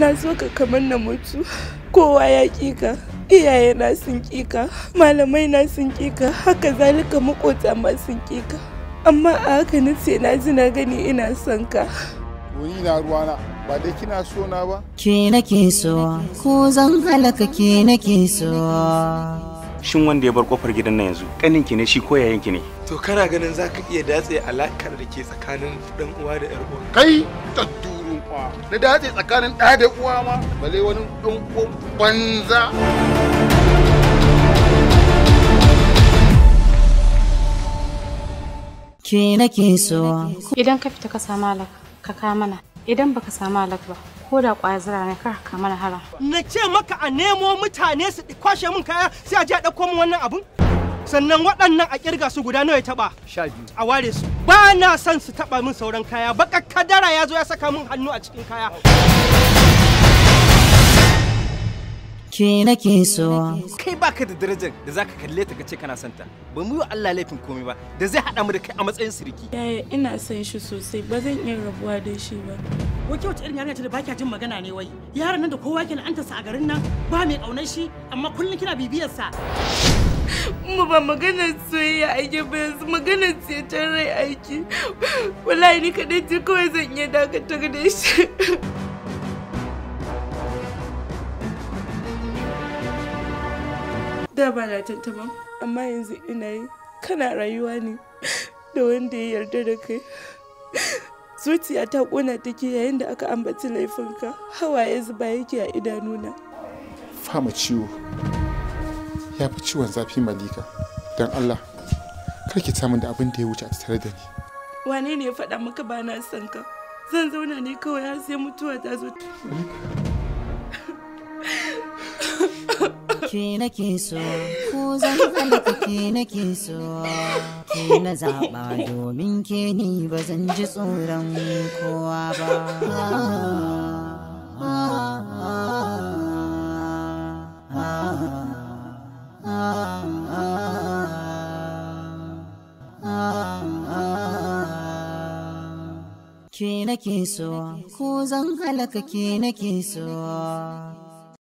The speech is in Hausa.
na so ka kamar na mutu kowa ya kika iyaye na sun kika malamai na sun kika haka zalika makota ma sun kika amma a haka na ce na ji na gani ina son ka wuri na ruwana ba dai kina so na ba ke nake so ko zan halaka ke nake so shin wanda ya bar kofar gidan nan yanzu kanin ki ne shi ko yayin ki ne to kana ganin zaka iya datse alakar da ke tsakanin dan uwa da yar uwa kai tattu Da dace tsakanin ɗa da uwa ma bale wani ɗan banza ke nake so idan ka fita ka samu alaka ka ka mana idan baka samu alaka ba ko da kwazira ne kar ka mana hara na ce maka a nemo mutane su kwashe min kaya sai a je a ɗauko min wannan abun sannan waɗannan a kirga su guda nawa ya taɓa a ware su ba na son su taɓa min sauran kaya baka kadara ya zo ya saka min hannu a cikin kaya ke nake so kai baka da darajar da zaka kalle ta kace kana santa ba mu yi Allah laifin komai ba da zai hada mu da kai a matsayin siriki yaya eh, ina son shi sosai ba zan iya rabuwa da shi ba wace wace irin yarinya ce da baki jin magana ne wai yaran nan da kowa ke la'antarsa a garin nan ba mai kaunar shi amma kullun kina bibiyar sa mu ba maganar soyayya ake ba yanzu maganar ceton rai aiki wallahi ni kaɗai ce kawai zan iya dakatar da shi da ba na tantama amma yanzu ina yi kana rayuwa ne da wanda ya yarda da kai zuciya ta kona take yayin da aka ambaci laifinka hawaye zuba yake a idanuna fama ciwo ya fi ciwon zafi malika don allah karki samun da abin da ya wuce a tattare da ni wane ne ya faɗa maka ba na son ka zan zauna ne kawai har sai mutuwa ta zo ke nake so ko zan zama ke nake so ke na zaɓa domin ke ni ba zan ji tsoron kowa ba Ke nake so, ko zan halaka ke nake so.